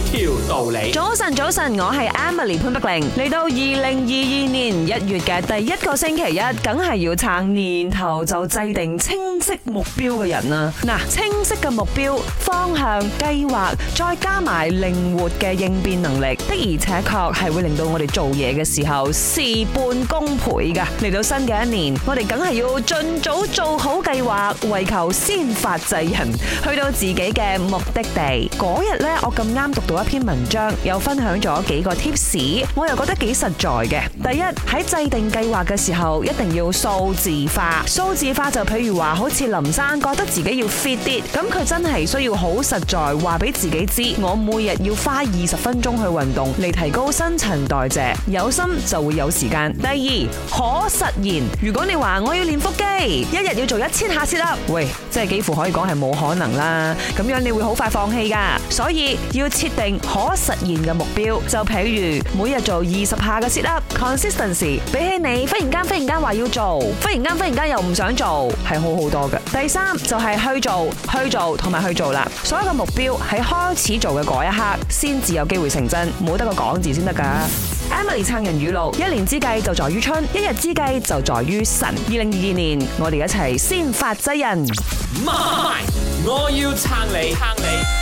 條道理，早晨早晨，我係 Emily 潘碧玲，嚟到二零二二年一月嘅第一個星期一，梗係要撐年頭就制定清晰目標嘅人啦。嗱，清晰嘅目標、方向、計劃，再加埋靈活嘅應變能力，的而且確係會令到我哋做嘢嘅時候事半功倍噶。嚟到新嘅一年，我哋梗係要盡早做好計劃，為求先發制人，去到自己嘅目的地嗰日咧，我咁啱讀。讀一篇文章，又分享咗幾個 tips，我又覺得幾實在嘅。第一，喺制定計劃嘅時候，一定要數字化。數字化就譬如話，好似林生覺得自己要 fit 啲，咁佢真係需要好實在話俾自己知，我每日要花二十分鐘去運動，嚟提高新陳代謝。有心就會有時間。第二，可實現。如果你話我要練腹肌，一日要做一千下 sit-up，喂，即係幾乎可以講係冇可能啦。咁樣你會好快放棄噶，所以要設。定可實現嘅目標，就譬如每日做二十下嘅 sit up consistency，比起你忽然間忽然間話要做，忽然間忽然間又唔想做，係好好多嘅。第三就係、是、去做，去做同埋去做啦。所有嘅目標喺開始做嘅嗰一刻，先至有機會成真，冇得個講字先得噶。Emily 撐人語錄：一年之計就在於春，一日之計就在於晨。二零二二年，我哋一齊先發制人。我要撐你，撐你。